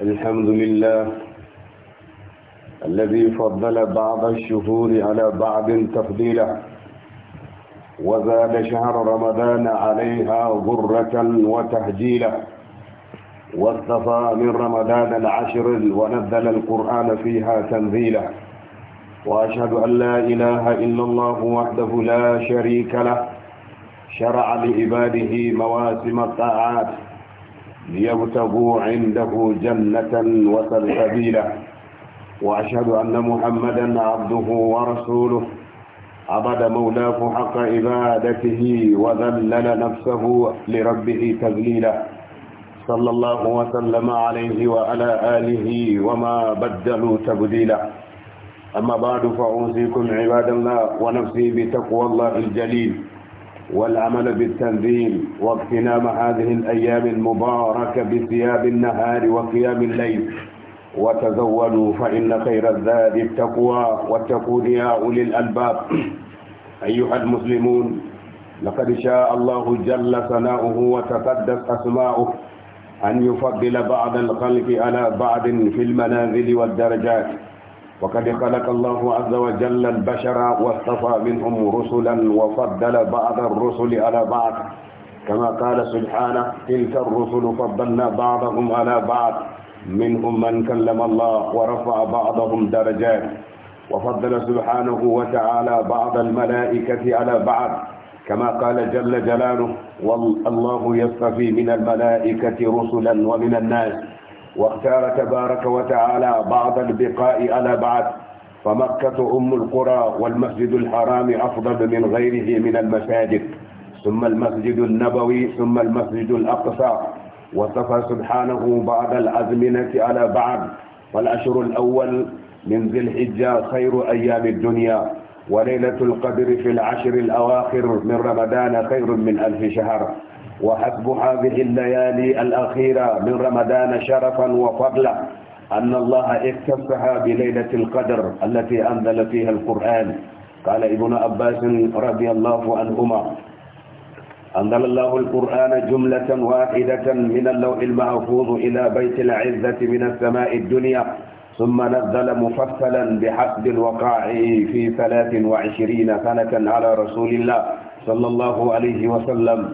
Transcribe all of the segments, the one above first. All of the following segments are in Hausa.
الحمد لله الذي فضل بعض الشهور على بعض تفضيلا وزاد شهر رمضان عليها غرة وتهجيلا واصطفى من رمضان العشر ونزل القرآن فيها تنزيلا وأشهد أن لا إله إلا الله وحده لا شريك له شرع لعباده مواسم الطاعات ليبتغوا عنده جنة وسلسبيلا وأشهد أن محمدا عبده ورسوله عبد مولاه حق عبادته وذلل نفسه لربه تذليلا صلى الله وسلم عليه وعلى آله وما بدلوا تبديلا أما بعد فأوصيكم عباد الله ونفسي بتقوى الله الجليل والعمل بالتنظيم واغتنام هذه الأيام المباركة بثياب النهار وقيام الليل وتزودوا فإن خير الزاد التقوى واتقوا يا أولي الألباب أيها المسلمون لقد شاء الله جل ثناؤه وتقدس أسماؤه أن يفضل بعض الخلق على بعض في المنازل والدرجات وقد خلق الله عز وجل البشر واصطفى منهم رسلا وفضل بعض الرسل على بعض كما قال سبحانه تلك الرسل فضلنا بعضهم على بعض منهم من كلم الله ورفع بعضهم درجات وفضل سبحانه وتعالى بعض الملائكة على بعض كما قال جل جلاله والله يصطفي من الملائكة رسلا ومن الناس واختار تبارك وتعالى بعض البقاء على بعض فمكة أم القرى والمسجد الحرام أفضل من غيره من المساجد ثم المسجد النبوي ثم المسجد الأقصى وصفى سبحانه بعض الأزمنة على بعض فالعشر الأول من ذي الحجة خير أيام الدنيا وليلة القدر في العشر الأواخر من رمضان خير من ألف شهر وحسب هذه الليالي الأخيرة من رمضان شرفا وفضلا أن الله اكتفها بليلة القدر التي أنزل فيها القرآن قال ابن عباس رضي الله عنهما أنزل الله القرآن جملة واحدة من اللوح المحفوظ إلى بيت العزة من السماء الدنيا ثم نزل مفصلا بحسب الوقاع في 23 سنة على رسول الله صلى الله عليه وسلم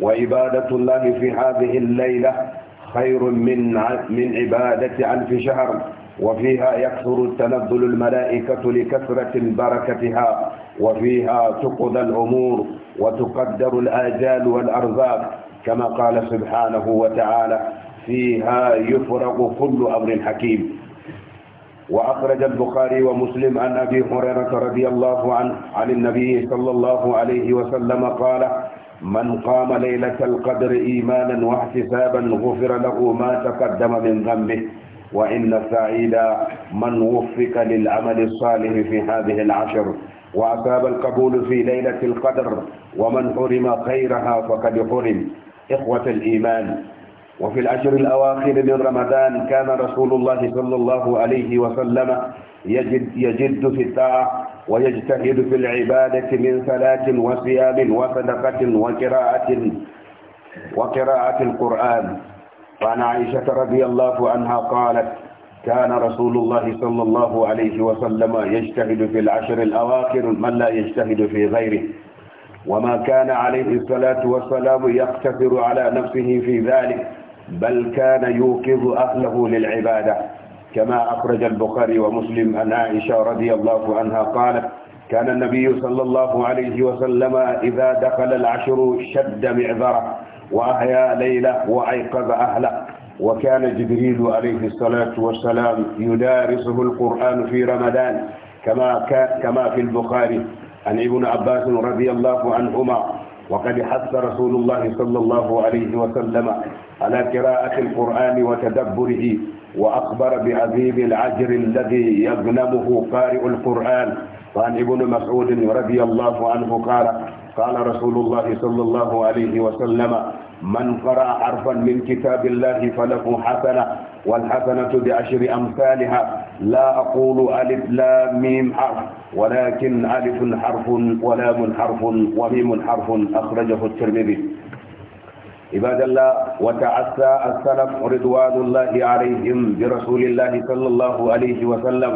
وعبادة الله في هذه الليلة خير من من عبادة ألف شهر وفيها يكثر تنزل الملائكة لكثرة بركتها وفيها تقضى الأمور وتقدر الآجال والأرزاق كما قال سبحانه وتعالى فيها يفرق كل أمر حكيم وأخرج البخاري ومسلم عن أبي هريرة رضي الله عنه عن النبي صلى الله عليه وسلم قال من قام ليلة القدر إيمانا واحتسابا غفر له ما تقدم من ذنبه وإن سعيدا من وفق للعمل الصالح في هذه العشر وأصاب القبول في ليلة القدر ومن حرم خيرها فقد حرم إخوة الإيمان وفي العشر الأواخر من رمضان كان رسول الله صلى الله عليه وسلم يجد, يجد في الطاعة ويجتهد في العبادة من صلاة وصيام وصدقة وقراءة وقراءة القرآن وعن عائشة رضي الله عنها قالت كان رسول الله صلى الله عليه وسلم يجتهد في العشر الأواخر من لا يجتهد في غيره وما كان عليه الصلاة والسلام يقتصر على نفسه في ذلك بل كان يوقظ أهله للعبادة كما أخرج البخاري ومسلم عن عائشة رضي الله عنها قالت كان النبي صلى الله عليه وسلم إذا دخل العشر شد معذره وأحيا ليلة وأيقظ أهله وكان جبريل عليه الصلاة والسلام يدارسه القرآن في رمضان كما كما في البخاري عن ابن عباس رضي الله عنهما وقد حث رسول الله صلى الله عليه وسلم على قراءة القرآن وتدبره وأخبر بعظيم العجر الذي يغنمه قارئ القرآن وعن ابن مسعود رضي الله عنه قال قال رسول الله صلى الله عليه وسلم من قرأ حرفا من كتاب الله فله حسنة والحسنة بعشر أمثالها لا أقول ألف لا ميم حرف ولكن ألف حرف ولام حرف وميم حرف أخرجه الترمذي عباد الله وتعسى السلف رضوان الله عليهم برسول الله صلى الله عليه وسلم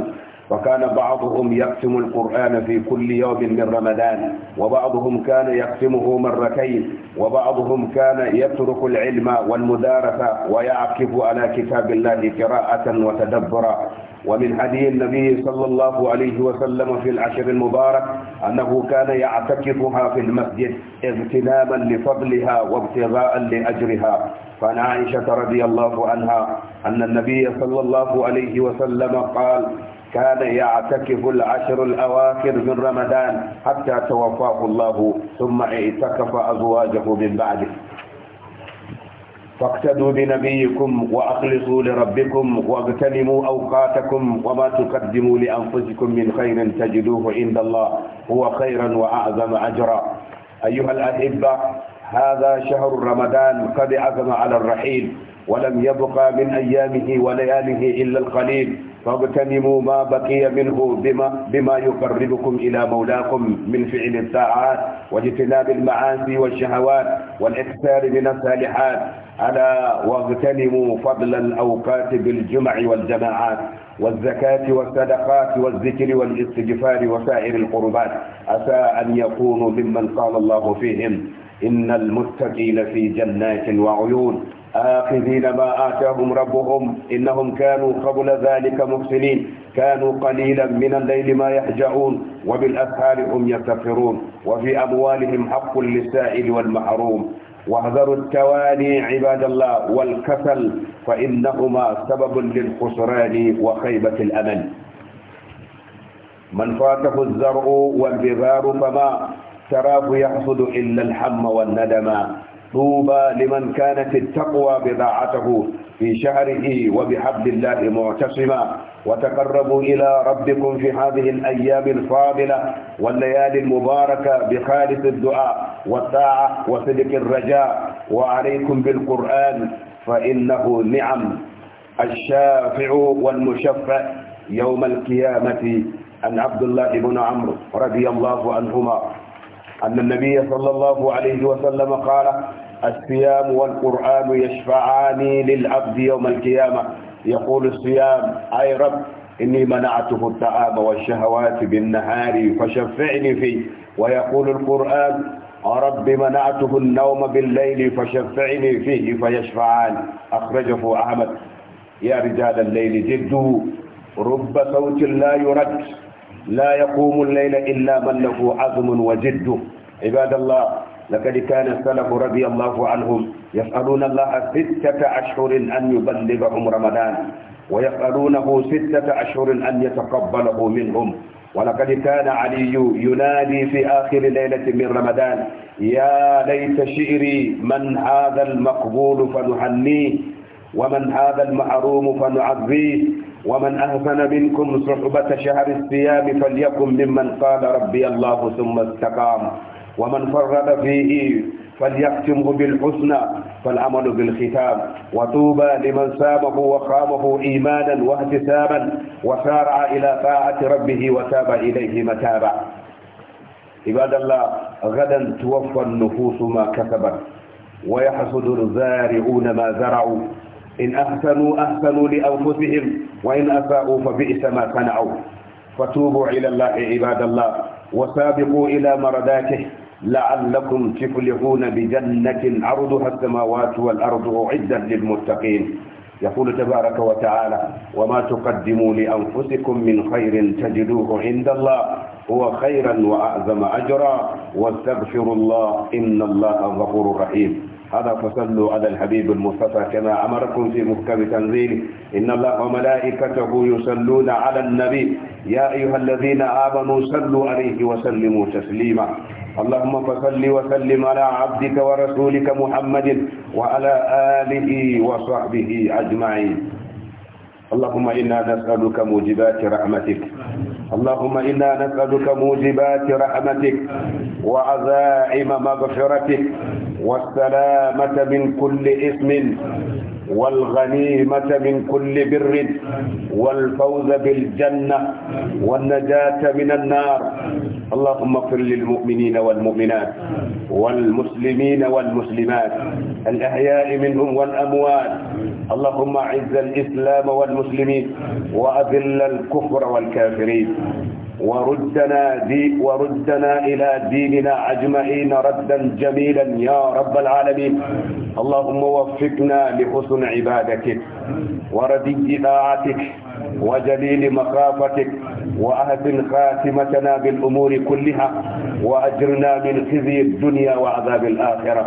وكان بعضهم يقسم القرآن في كل يوم من رمضان وبعضهم كان يقسمه مرتين وبعضهم كان يترك العلم والمدارسة ويعكف على كتاب الله قراءة وتدبرا ومن هدي النبي صلى الله عليه وسلم في العشر المبارك أنه كان يعتكفها في المسجد اغتناما لفضلها وابتغاء لأجرها فعن عائشة رضي الله عنها أن النبي صلى الله عليه وسلم قال كان يعتكف العشر الأواخر من رمضان حتى توفاه الله ثم اعتكف أزواجه من بعده فاقتدوا بنبيكم وأخلصوا لربكم واغتنموا أوقاتكم وما تقدموا لأنفسكم من خير تجدوه عند الله هو خيرا وأعظم أجرا أيها الأحبة هذا شهر رمضان قد عزم على الرحيل ولم يبقى من أيامه ولياله إلا القليل فاغتنموا ما بقي منه بما, بما يقربكم إلى مولاكم من فعل الساعات واجتناب المعاصي والشهوات والإكثار من الصالحات ألا واغتنموا فضل الأوقات بالجمع والجماعات والزكاة والصدقات والذكر والاستغفار وسائر القربات عسى أن يكونوا ممن قال الله فيهم إن المتقين في جنات وعيون آخذين ما آتاهم ربهم إنهم كانوا قبل ذلك محسنين كانوا قليلا من الليل ما يحجعون وبالأسهار هم يسخرون وفي أموالهم حق للسائل والمحروم واحذروا التواني عباد الله والكسل فإنهما سبب للخسران وخيبة الأمل من فاته الزرع والبذار فما تراه يحصد إلا الحم والندما طوبى لمن كانت التقوى بضاعته في شهره وبحبل الله معتصما وتقربوا إلى ربكم في هذه الأيام الفاضلة والليالي المباركة بخالص الدعاء والطاعة وصدق الرجاء وعليكم بالقرآن فإنه نعم الشافع والمشفع يوم القيامة عن عبد الله بن عمرو رضي الله عنهما أن النبي صلى الله عليه وسلم قال الصيام والقرآن يشفعان للعبد يوم القيامة يقول الصيام أي رب إني منعته الطعام والشهوات بالنهار فشفعني فيه ويقول القرآن رب منعته النوم بالليل فشفعني فيه فيشفعان أخرجه أحمد يا رجال الليل جدوا رب صوت لا يرد لا يقوم الليل إلا من له عزم وجد عباد الله لقد كان السلف رضي الله عنهم يسألون الله ستة أشهر أن يبلغهم رمضان ويسألونه ستة أشهر أن يتقبله منهم ولقد كان علي ينادي في آخر ليلة من رمضان يا ليت شئري من هذا المقبول فنهنيه ومن هذا المحروم فنعذيه ومن أحسن منكم صحبة شهر الصيام فليكن ممن قال ربي الله ثم استقام ومن فرد فيه فليختمه بالحسنى فالعمل بالختام وطوبى لمن سامه وخامه إيمانا واحتسابا وسارع إلى طاعة ربه وتاب إليه متابا عباد الله غدا توفى النفوس ما كسبت ويحصد الزارعون ما زرعوا إن أحسنوا أحسنوا لأنفسهم وإن أساءوا فبئس ما صنعوا فتوبوا إلى الله عباد الله وسابقوا إلى مرداته لعلكم تفلحون بجنة عرضها السماوات والأرض أعدا للمتقين يقول تبارك وتعالى وما تقدموا لأنفسكم من خير تجدوه عند الله هو خيرا وأعظم أجرا واستغفروا الله إن الله غفور رحيم هذا فصلوا على الحبيب المصطفى كما أمركم في محكم تنزيله إن الله وملائكته يصلون على النبي يا أيها الذين آمنوا صلوا عليه وسلموا تسليما اللهم فصل وسلم على عبدك ورسولك محمد وعلى آله وصحبه أجمعين اللهم إنا نسألك موجبات رحمتك اللهم إنا نسألك موجبات رحمتك وعزائم مغفرتك والسلامة من كل إثم والغنيمة من كل بر والفوز بالجنة والنجاة من النار اللهم اغفر للمؤمنين والمؤمنات والمسلمين والمسلمات الأحياء منهم والأموات اللهم أعز الإسلام والمسلمين وأذل الكفر والكافرين وردنا, دي وردنا إلى ديننا أجمعين ردا جميلا يا رب العالمين اللهم وفقنا لحسن عبادتك ورد طاعتك وجليل مخافتك وأهد خاتمتنا بالأمور كلها وأجرنا من خزي الدنيا وعذاب الآخرة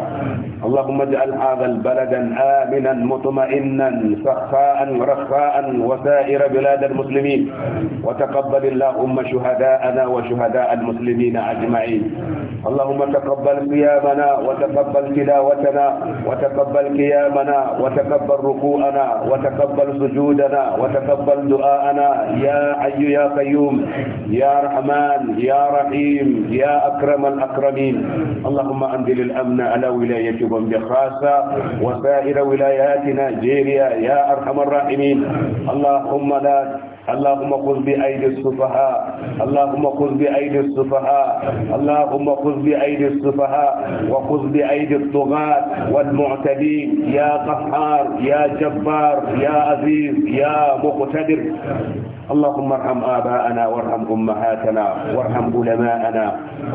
اللهم اجعل هذا البلد آمنا مطمئنا سخاء رخاء وسائر بلاد المسلمين وتقبل اللهم شهداءنا وشهداء المسلمين أجمعين اللهم تقبل قيامنا وتقبل تلاوتنا وتقبل قيامنا وتقبل ركوعنا وتقبل سجودنا وتقبل دعاءنا يا حي يا قيوم يا رحمن يا رحيم يا أكرم الأكرمين اللهم أنزل الأمن على ولاية بمبي خاصة وسائر ولاياتنا جيريا يا أرحم الراحمين اللهم لا اللهم خذ بأيدي السفهاء اللهم خذ بأيدي السفهاء اللهم خذ بأيدي السفهاء وخذ بأيدي الطغاة والمعتدين يا قهار يا جبار يا عزيز يا مقتدر اللهم ارحم آباءنا وارحم أمهاتنا وارحم علماءنا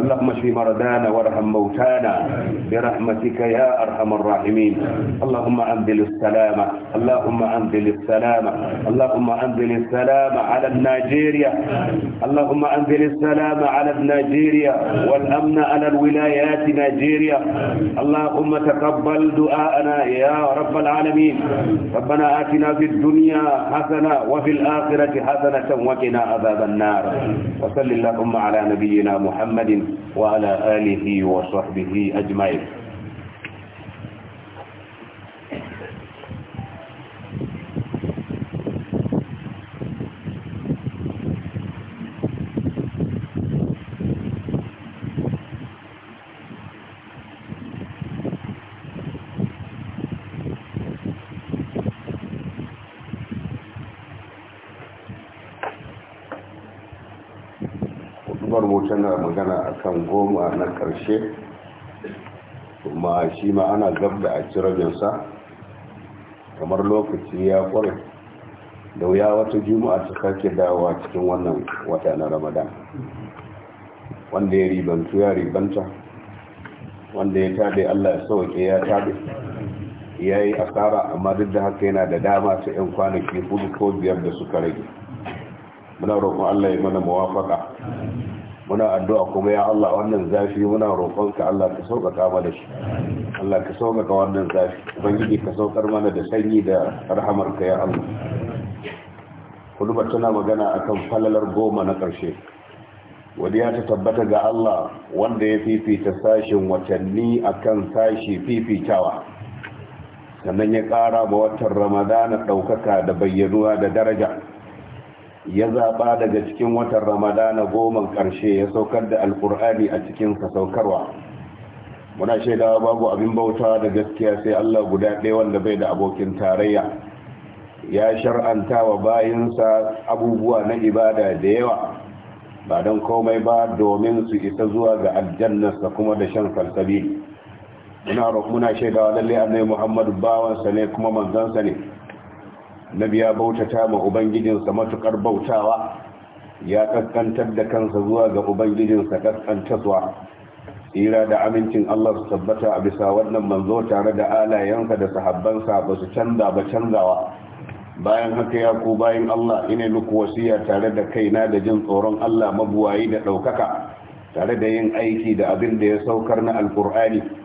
اللهم اشف مرضانا وارحم موتانا برحمتك يا أرحم الراحمين اللهم أنزل السلامة اللهم أنزل السلامة اللهم أنزل السلامة على النيجيريا اللهم أنزل السلامة على النيجيريا والأمن على الولايات نيجيريا اللهم تقبل دعاءنا يا رب العالمين ربنا آتنا في الدنيا حسنة وفي الآخرة حسنة حسنة وقنا عذاب النار وصل اللهم على نبينا محمد وعلى آله وصحبه أجمعين fara magana akan goma na ƙarshe kuma shi ma ana gab da a ci rabinsa kamar lokaci ya ƙware da wuya wata juma'a ta sake dawowa cikin wannan wata na ramadan wanda ya ribantu ya ribanta wanda ya tabe allah ya sauke ya tabe ya yi asara amma duk da haka yana da dama ta 'yan kwanaki hudu ko biyar da suka rage muna roƙon allah ya mana mawafaka muna addu'a kuma ya Allah wannan zafi muna roƙonka Allah ka sauƙaƙa mana shi Allah ka sauƙaƙa wannan zafi ubangiji ka saukar mana da sanyi da rahamarka ya Allah kuduba tana magana akan falalar goma na ƙarshe ya ta tabbata ga Allah wanda ya fifita sashin watanni akan sashi fifitawa sannan ya ƙara ma watan ramadana ɗaukaka da bayyanuwa da daraja ya zaba daga cikin watan ramadana goma ƙarshe ya saukar da alkur'ani a cikin saukarwa muna shaidawa babu abin bauta da gaskiya sai allah guda ɗaya wanda bai da abokin tarayya ya shar'anta wa bayinsa abubuwa na ibada da yawa ba don komai ba domin su isa zuwa ga aljannarsa kuma da shan salsabi muna shaidawa lallai lalle annabi muhammadu bawansa ne kuma manzansa ne nabi ya bautata ma ubangijinsa matukar bautawa ya kaskantar da kansa zuwa ga ubangijinsa kaskantarwa tsira da amincin Allah su tabbata a bisa wannan manzo tare da alayensa da sahabbansa ba su canza ba canzawa bayan haka ya ku bayan Allah ina luku wasiya tare da kaina da jin tsoron Allah mabuwayi da ɗaukaka tare da yin aiki da abin da ya saukar na alkur'ani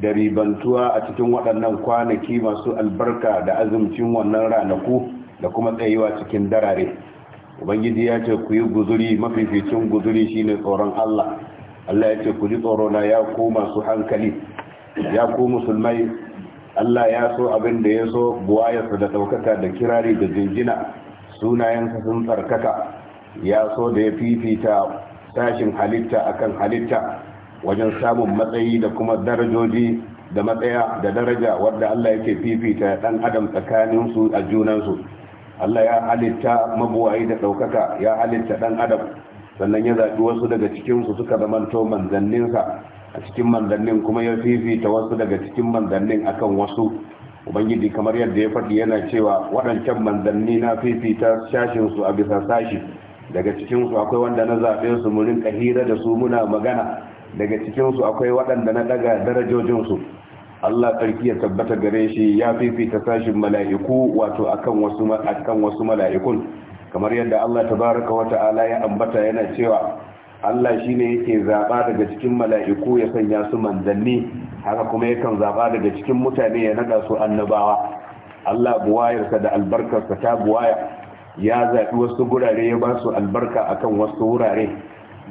da ribantuwa a cikin waɗannan kwanaki masu albarka da azumcin wannan ranaku da kuma tsayewa cikin darare ubangiji ya ce ku yi guzuri mafificin guzuri shine tsoron allah allah ya ce ku ji tsorona ya ku masu hankali ya ku musulmai allah ya so abin da ya so buwayarsa da ɗaukaka da kirari da jinjina sunayensa sun tsarkaka ya so da ya fifita sashin halitta akan halitta wajen samun matsayi da kuma darajoji da matsaya da daraja wadda Allah yake fifita dan adam tsakanin su a junan su Allah ya halitta mabuwayi da daukaka ya halitta dan adam sannan ya zaɓi wasu daga cikin su suka zamanta manzannin sa a cikin manzannin kuma ya fifita wasu daga cikin manzannin akan wasu ubangiji kamar yadda ya faɗi yana cewa waɗancan manzanni na fifita shashin su a bisa sashi daga cikin su akwai wanda na zaɓe su mu rinka hira da su muna magana daga cikinsu akwai waɗanda na daga darajojinsu Allah sarki ya tabbata gare shi ya fifita sashin mala'iku wato akan wasu akan wasu mala'ikun kamar yadda Allah tabaraka wa ta'ala ya ambata yana cewa Allah shine yake zaba daga cikin mala'iku ya sanya su manzanni haka kuma yakan zaba daga cikin mutane ya nada su annabawa Allah buwayarsa da albarkarsa ta buwaya ya zaɓi wasu gurare ya ba su albarka akan wasu wurare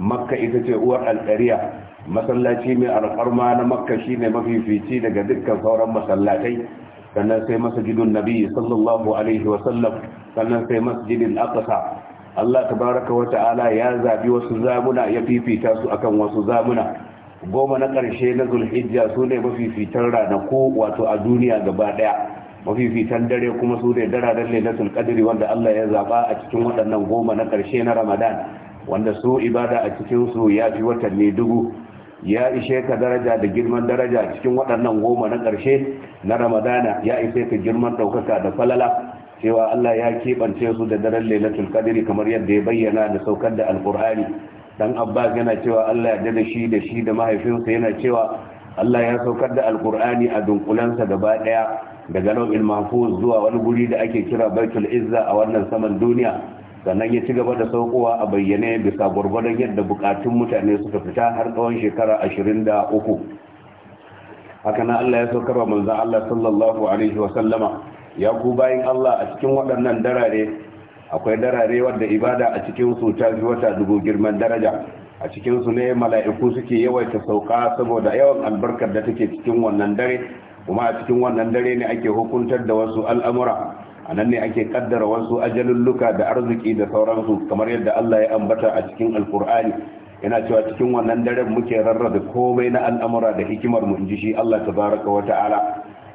makka ita ce uwar alƙariya masallaci mai alfarma na makka shi ne mafifici daga dukkan sauran masallatai sannan sai masjidun nabi sallallahu alaihi wasallam sannan sai masjidin aqsa Allah tabaraka wa ta'ala ya zabi wasu zamuna ya fifita su akan wasu zamuna goma na ƙarshe na zulhijja su ne mafifitan ranaku wato a duniya gaba ɗaya mafifitan dare kuma su ne dararen lailatul qadri wanda Allah ya zaba a cikin waɗannan goma na ƙarshe na ramadan wanda su ibada a cikin su ya fi watanni dubu ya ishe ka daraja da girman daraja cikin waɗannan goma na ƙarshe na ramadana ya ishe ka girman ɗaukaka da falala cewa Allah ya keɓance su da daren lailatul kadiri kamar yadda ya bayyana da saukar da alkur'ani dan abbas yana cewa Allah ya da shi da shi da mahaifinsa yana cewa Allah ya saukar da alkur'ani a dunkulansa gaba ɗaya daga nau'in mahfuz zuwa wani guri da ake kira baitul izza a wannan saman duniya sannan ya ci gaba da saukowa a bayyane bisa gwargwadon yadda bukatun mutane suka fita har tsawon shekara ashirin da uku haka na Allah ya saukar wa manzan Allah sallallahu alaihi wa ya ku bayan Allah a cikin waɗannan darare akwai darare wadda ibada a cikin su ta fi wata dubu girman daraja a cikin su ne mala'iku suke yawaita sauka saboda yawan albarkar da take cikin wannan dare kuma a cikin wannan dare ne ake hukuntar da wasu al'amura a nan ne ake kaddara wasu ajalulluka da arziki da sauransu kamar yadda Allah ya ambata a cikin alkur'ani yana cewa cikin wannan daren muke rarrabe komai na al'amura da hikimar mu inji shi Allah tabaraka wa ta'ala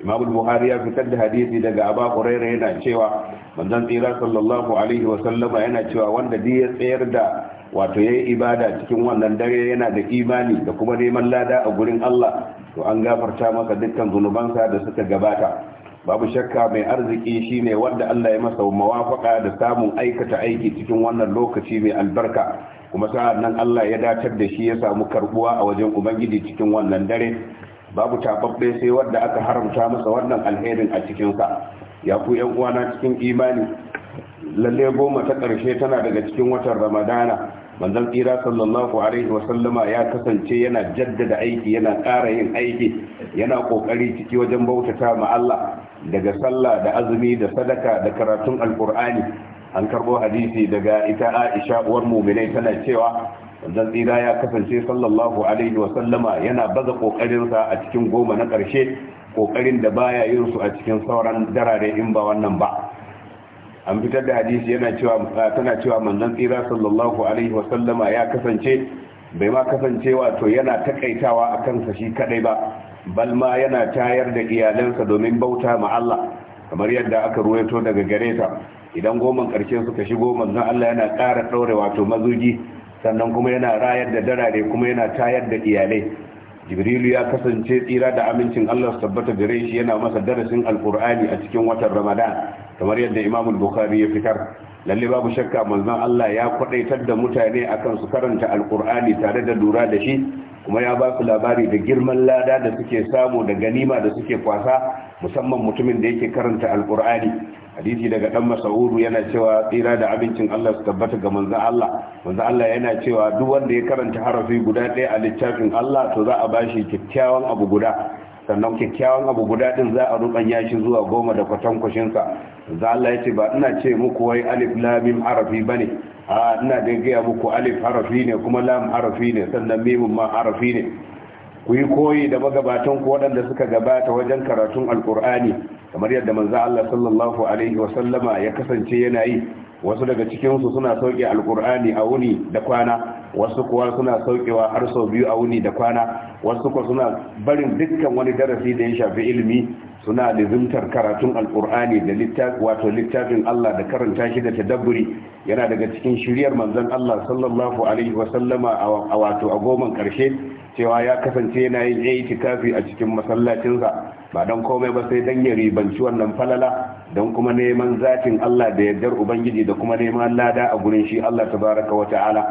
Imam Buhari ya fitar da hadisi daga Aba Hurairah yana cewa manzon tsira sallallahu alaihi wa sallama yana cewa wanda duk ya tsayar da wato yayi ibada cikin wannan dare yana da imani da kuma neman lada a gurin Allah to an gafarta maka dukkan zunubansa da suka gabata babu shakka mai arziki shine wanda Allah ya masa mawafaka da samun aikata aiki cikin wannan lokaci mai albarka kuma sa'an nan Allah ya datar da shi ya samu karbuwa a wajen ubangiji cikin wannan dare babu tababbe sai wanda aka haramta masa wannan alherin a cikin sa ya ku yan uwana cikin imani lalle goma ta ƙarshe tana daga cikin watan Ramadana manzon tsira sallallahu alaihi sallama ya kasance yana jaddada aiki yana ƙara yin aiki yana ƙoƙari ciki wajen bautata ma Allah daga sallah da azumi da sadaka da karatun alkur'ani an karɓo hadisi daga ita Aisha uwar mu'minai tana cewa manzon tsira ya kasance sallallahu alaihi sallama yana baza ƙoƙarinsa a cikin goma na ƙarshe ƙoƙarin da baya yin su a cikin sauran darare in ba wannan ba an fitar da hadisi yana cewa tana cewa manzon tsira sallallahu alaihi wasallama ya kasance bai ma kasance wato yana takaitawa a kansa shi kadai ba balma yana tayar da iyalansa domin bauta ma Allah kamar yadda aka ruwaito daga gare ta idan goman karshe suka shigo manzon Allah yana ƙara ɗaure wato mazuji sannan kuma yana rayar da darare kuma yana tayar da iyalai jibrilu ya kasance tsira da amincin allah su tabbata gare shi yana masa darasin alkur'ani a cikin watan ramadan kamar yadda imam bukhari ya fitar lalle babu shakka manzon allah ya kwadaitar da mutane akan su karanta alkur'ani tare da lura da shi kuma ya ba su labari da girman lada da suke samu da ganima da suke kwasa musamman mutumin da yake karanta alkur'ani hadisi daga dan masaudu yana cewa tsira da abincin Allah su tabbata ga manzo Allah manzo Allah yana cewa duk wanda ya karanta harafi guda ɗaya a littafin Allah to za a bashi kyakkyawan abu guda sannan kyakkyawan abu guda din za a rubanya shi zuwa goma da kwatankwashin sa manzo Allah ya ba ina ce muku wai alif lam mim harafi bane a ina da gaya muku alif harafi ne kuma lam harafi ne sannan mim ma harafi ne ku yi koyi da magabatan ku waɗanda suka gabata wajen karatun alkur'ani kamar yadda manzo Allah sallallahu alaihi wa sallama ya kasance yana yi wasu daga cikin su suna sauke Al'ƙur'ani a wuni da kwana wasu kuwa suna saukewa har sau biyu a wuni da kwana wasu kuwa suna barin dukkan wani darasi da ya shafi ilimi suna lizimtar karatun Al'ƙur'ani da wato littafin Allah da karanta shi da tadabburi yana daga cikin shiryar manzon Allah sallallahu alaihi wa sallama a wato a goman karshe cewa ya kasance yana yin itikafi a cikin masallacinsa ba don komai ba sai don ya ribanci wannan falala don kuma neman zatin Allah da yardar ubangiji da kuma neman lada a gurin shi Allah tabaraka wa ta'ala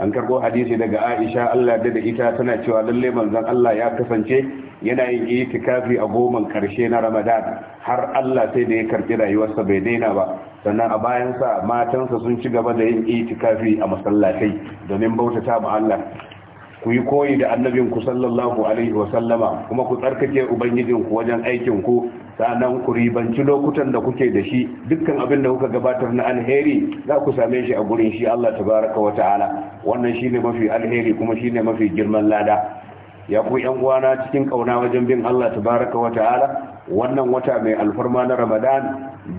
an karbo hadisi daga Aisha Allah da da ita tana cewa lalle manzon Allah ya kasance yana yin itikafi a goman karshe na Ramadan har Allah sai da ya karbi rayuwarsa bai daina ba sannan a bayansa matansa sun ci gaba da yin itikafi a masallatai domin bautata ma Allah ku yi koyi da annabinku sallallahu alaihi wasallama kuma ku tsarkake ubangijinku wajen aikinku sannan ku ribanci lokutan da kuke da shi dukkan abin da kuka gabatar na alheri za ku same shi a gurin shi Allah tabaraka wa ta'ala wannan shine mafi alheri kuma shine mafi girman lada ya ku yan uwana cikin kauna wajen bin Allah tabaraka wa ta'ala wannan wata mai alfarma na Ramadan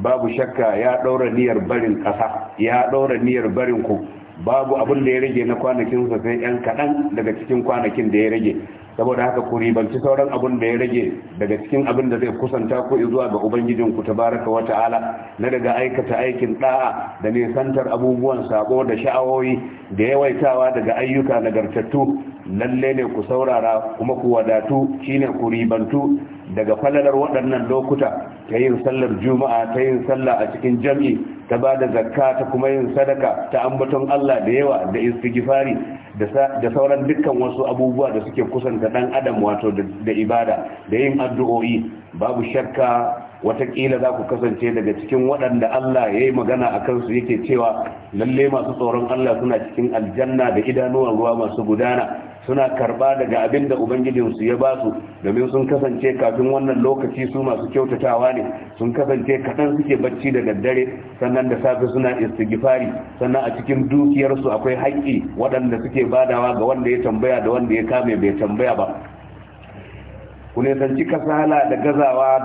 babu shakka ya daura niyyar barin kasa ya daura niyyar barin ku babu abin da ya rage na kwanakin sa sai yan kaɗan daga cikin kwanakin da ya rage saboda haka ku ribanci sauran abin da ya rage daga cikin abin da zai kusanta ku zuwa ga ubangijin ku tabaraka wa ta'ala na daga aikata aikin da'a da nisantar abubuwan sako da sha'awoyi da yawaitawa daga ayyuka nagartattu lalle ne ku saurara kuma ku wadatu shine ku ribantu daga falalar waɗannan lokuta ta yin sallar juma'a ta yin sallah a cikin jam'i ta ba da zakka ta kuma yin sadaka ta ambaton Allah da yawa da istighfari da sauran dukkan wasu abubuwa da suke kusanta ɗan adam wato da ibada da yin addu'o'i babu shakka watakila za ku kasance daga cikin waɗanda Allah ya yi magana a kansu yake cewa lalle masu tsoron Allah suna cikin aljanna da idanuwan ruwa masu gudana suna karba daga abin da ubangijinsu ya ba su domin sun kasance kafin wannan lokaci su masu kyautatawa ne sun kasance kaɗan suke bacci da daddare sannan da safe suna istighfari sannan a cikin dukiyarsu akwai haƙƙi waɗanda suke badawa ga wanda ya tambaya da wanda ya kame bai tambaya ba ku nisanci kasala da gazawa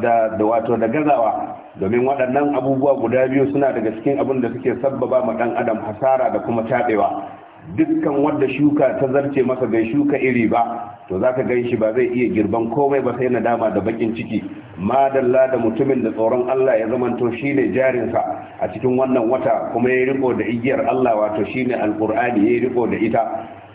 da wato da gazawa domin waɗannan abubuwa guda biyu suna daga cikin abin da suke sabbaba ma ɗan adam hasara da kuma taɓewa dukkan wanda shuka ta zarce masa bai shuka iri ba to za ka gan shi ba zai iya girban komai ba sai na dama da bakin ciki madalla da mutumin da tsoron Allah ya zamanto shine jarinsa a cikin wannan wata kuma ya riko da igiyar Allah wato shine alkur'ani ya riko da ita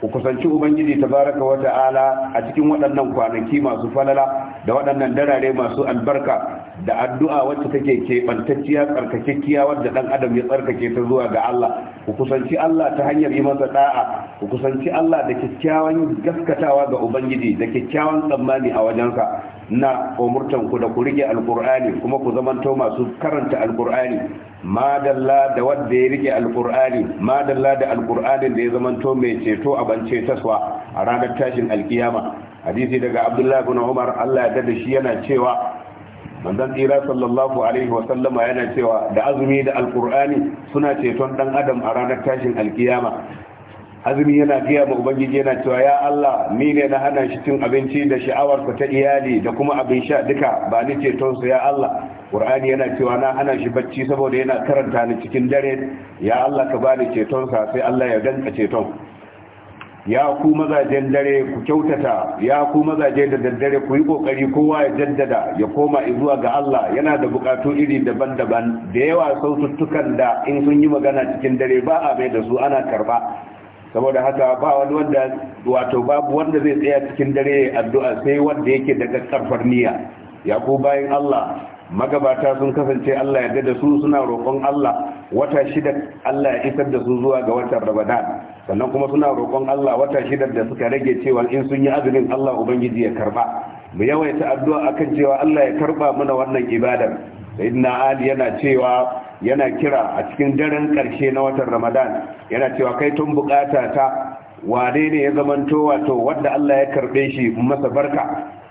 ku kusanci ubangiji tabaraka wa ta'ala a cikin waɗannan kwanaki masu falala da waɗannan darare masu albarka da addu'a wacce take keɓantacciya tsarkakekkiya wadda ɗan adam ya tsarkake ta zuwa ga Allah ku kusanci Allah ta hanyar yi masa da'a ku kusanci Allah da kyakkyawan gaskatawa ga ubangiji da kyakkyawan tsammani a wajensa na umurtan ku da ku rike alqur'ani kuma ku zamanto masu karanta alqur'ani madalla da wanda ya rike alqur'ani madalla da alqur'anin da ya zamanto mai ceto a bance taswa a ranar tashin alkiyama hadisi daga abdullahi ibn umar Allah ya dade shi yana cewa manzon tsira sallallahu alaihi wa sallama yana cewa da azumi da alqur'ani suna ceton dan adam a ranar tashin alkiyama azumi yana gaya ma ubangiji yana cewa ya Allah ni ne na hana shi cin abinci da sha'awar ku ta iyali da kuma abin sha duka ba ni ceton su ya Allah Qur'ani yana cewa na hana shi bacci saboda yana karanta ni cikin dare ya Allah ka bani ceton sa sai Allah ya danka ceton ya ku mazajen dare ku kyautata ya ku mazaje da daddare ku yi kokari kowa ya jaddada ya koma zuwa ga Allah yana da bukatu iri daban-daban da yawa saututtukan da in sun yi magana cikin dare ba a mai da su ana karba saboda haka ba wani wanda wato babu wanda zai tsaya cikin dare addu'a sai wanda yake da karfar niyya ya ku bayan Allah magabata sun kasance Allah ya da su suna roƙon Allah wata shida Allah ya isar da su zuwa ga watan Ramadan sannan kuma suna roƙon Allah wata shida da suka rage cewa in sun yi azumin Allah ubangiji ya karba mu yawaita addu'a akan cewa Allah ya karba mana wannan ibadar sayyidina Ali yana cewa yana kira a cikin daren ƙarshe na watan ramadan yana cewa kai tun bukata ta wane ne ya zamanto wato wadda Allah ya karbe shi masa barka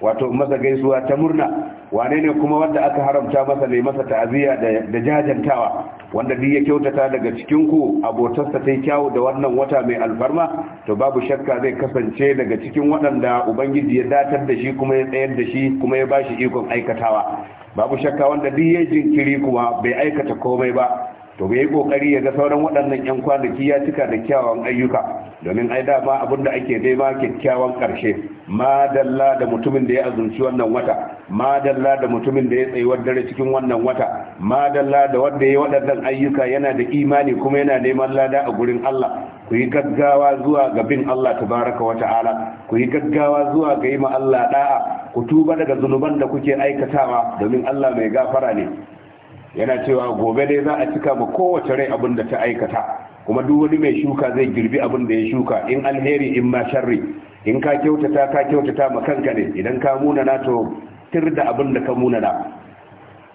wato masa gaisuwa ta murna wane ne kuma wanda aka haramta masa ne masa ta'aziyya da jajantawa wanda duk ya kyautata daga cikin ku abotarsa ta kyawu da wannan wata mai alfarma to babu shakka zai kasance daga cikin waɗanda ubangiji ya datar da shi kuma ya tsayar da shi kuma ya bashi ikon aikatawa babu shakka wanda duk ya jinkiri kuma bai aikata komai ba to bai yi kokari ya ga sauran waɗannan 'yan kwanaki ya cika da kyawawan ayyuka domin ai dama abin da ake nema kyakkyawan ƙarshe ma dalla da mutumin da ya azumci wannan wata ma dalla da mutumin da ya tsayuwar dare cikin wannan wata ma dalla da wanda ya waɗannan ayyuka yana da imani kuma yana neman lada a gurin Allah ku yi gaggawa zuwa ga bin Allah tabaraka wa ta'ala ku yi gaggawa zuwa ga yi ma Allah da'a ku tuba daga zunuban da kuke aikatawa domin Allah mai gafara ne yana cewa gobe dai za a cika ma kowace rai abin da ta aikata kuma duk wani mai shuka zai girbi abin da ya shuka in alheri in ma sharri in ka kyautata ka kyautata ma kanka ne idan ka munana to tir da abin da ka munana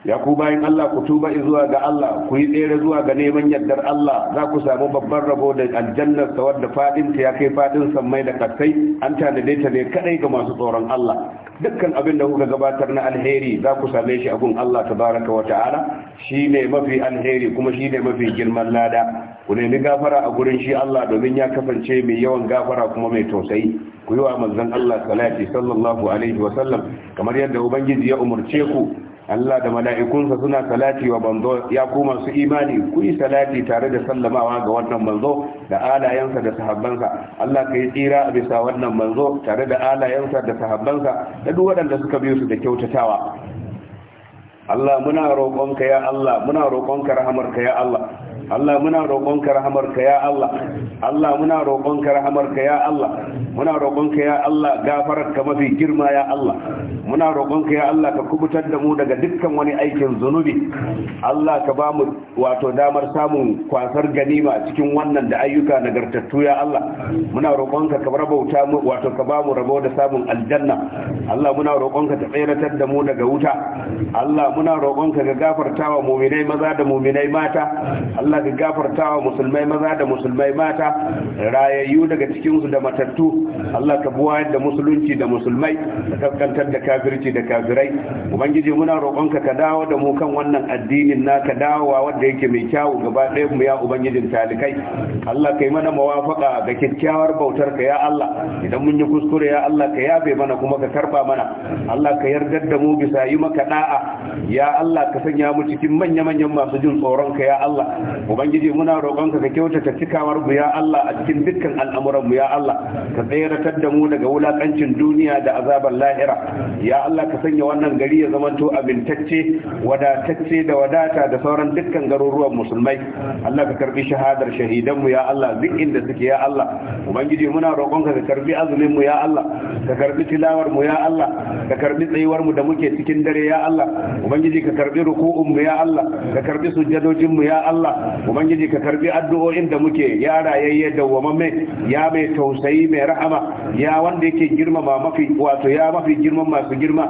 ya ku bayan Allah ku tuba zuwa ga Allah ku yi tsere zuwa ga neman yardar Allah za ku samu babban rabo da aljannar sa wadda fadin ta ya kai fadin sammai da kasai an tanade ta ne kadai ga masu tsoron Allah dukkan abin da kuka gabatar na alheri za ku same shi abun Allah tabaraka wa ta'ala shine mafi alheri kuma shine mafi girman lada ku nemi gafara a gurin shi Allah domin ya kasance mai yawan gafara kuma mai tausayi ku yi wa manzon Allah salati sallallahu alaihi wa sallam kamar yadda ubangiji ya umurce ku Allah da mala'ikunsa suna salati wa banzo ya kuma su imani ku yi salati tare da sallamawa ga wannan manzo da alayensa da sahabbansa Allah ka yi tsira a bisa wannan manzo tare da alayensa da sahabbansa da duk waɗanda suka biyo su da kyautatawa Allah muna roƙonka ya Allah muna roƙonka rahamarka ya Allah Allah muna roƙonka rahamarka ya Allah Allah muna roƙonka rahamarka ya Allah muna roƙonka ya Allah gafararka mafi girma ya Allah muna roƙonka ya Allah ka kubutar da mu daga dukkan wani aikin zunubi Allah ka ba mu wato damar samun kwasar ganima cikin wannan da ayyuka nagartattu ya Allah muna roƙonka ka rabauta mu wato ka ba mu rabo da samun aljanna Allah muna roƙonka ta tseratar da mu daga wuta Allah muna roƙonka ka gafartawa mu'minai maza da mu'minai mata Allah Allah ka gafarta wa musulmai maza da musulmai mata rayayyu daga cikinsu da matattu Allah ka buwa da musulunci da musulmai da kaskantar da kafirci da kafirai ubangiji muna roƙonka ka dawo da mu kan wannan addinin na ka dawo wa wanda yake mai kyawu gaba ɗaya mu ya ubangijin talikai Allah kai mana mawafaka ga kyakkyawar bautar ka ya Allah idan mun yi kuskure ya Allah ka yafe mana kuma ka karba mana Allah ka yarda da mu bisa yi maka da'a ya Allah ka sanya mu cikin manya-manyan masu jin tsoron ka ya Allah ubangiji muna roƙonka ka kyautata cikawar mu ya Allah a cikin dukkan al'amuran mu ya Allah ka tsayaratar da mu daga wulakancin duniya da azabar lahira ya Allah ka sanya wannan gari ya zamanto abintacce wadatacce da wadata da sauran dukkan garuruwan musulmai Allah ka karbi shahadar shahidan mu ya Allah duk inda suke ya Allah ubangiji muna roƙonka ka karbi azumin mu ya Allah ka karbi tilawar mu ya Allah ka karbi tsayuwar mu da muke cikin dare ya Allah ubangiji ka karbi ruku'un mu ya Allah ka karbi sujjadojin mu ya Allah ubangiji ka karbi addu'o'in da muke ya rayayye dawwamamme ya mai tausayi mai rahama ya wanda yake girmama mafi wato ya mafi girman masu girma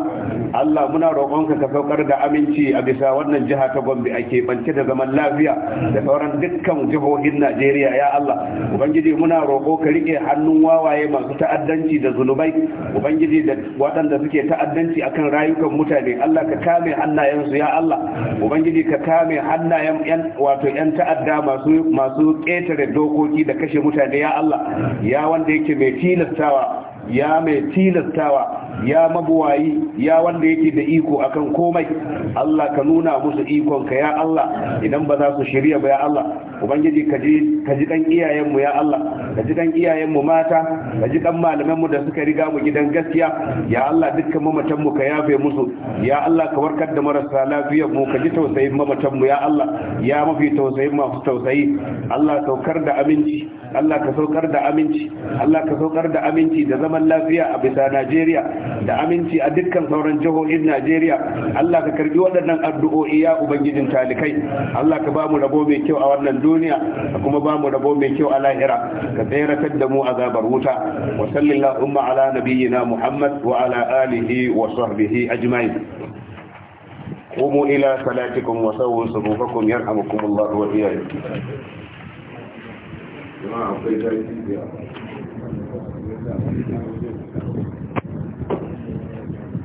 Allah muna roƙonka ka saukar da aminci a bisa wannan jiha ta Gombe ake bance da zaman lafiya da sauran dukkan jihohin Najeriya ya Allah ubangiji muna roƙo ka rike hannun wawaye masu ta'addanci da zunubai ubangiji da waɗanda suke ta'addanci akan rayukan mutane Allah ka kame hannayensu ya Allah ubangiji ka kame hannayen wato 'yan ta'adda masu masu ƙetare dokoki da kashe mutane ya Allah ya wanda yake mai tilastawa ya mai tilastawa ya mabuwayi ya wanda yake da iko akan komai Allah ka nuna musu ikonka ya Allah idan ba za su shirya ba ya Allah ubangiji ka ji kan iyayenmu ya Allah ka ji kan iyayenmu mata ka ji kan malamanmu da suka riga mu gidan gaskiya ya Allah dukkan mamatan mu ka yafe musu ya Allah ka warkar da marasa lafiyar mu ka ji tausayin mamatan mu ya Allah ya mafi tausayin masu tausayi Allah saukar da aminci Allah ka saukar da aminci Allah ka saukar da aminci da zaman lafiya a bisa Najeriya da aminci a dukkan sauran jihohin Najeriya Allah ka karbi waɗannan addu'o'i ya ubangijin talikai Allah ka ba mu rabo mai kyau a wannan duk. duniya ka kuma bamu mu rabo mai kyau a lahira ka tsayar da mu azabar wuta wa sallallahu umma ala nabiyyina muhammad wa ala alihi wa sahbihi ajma'in قوموا إلى صلاتكم وسووا صفوفكم يرحمكم الله وإياكم جماعة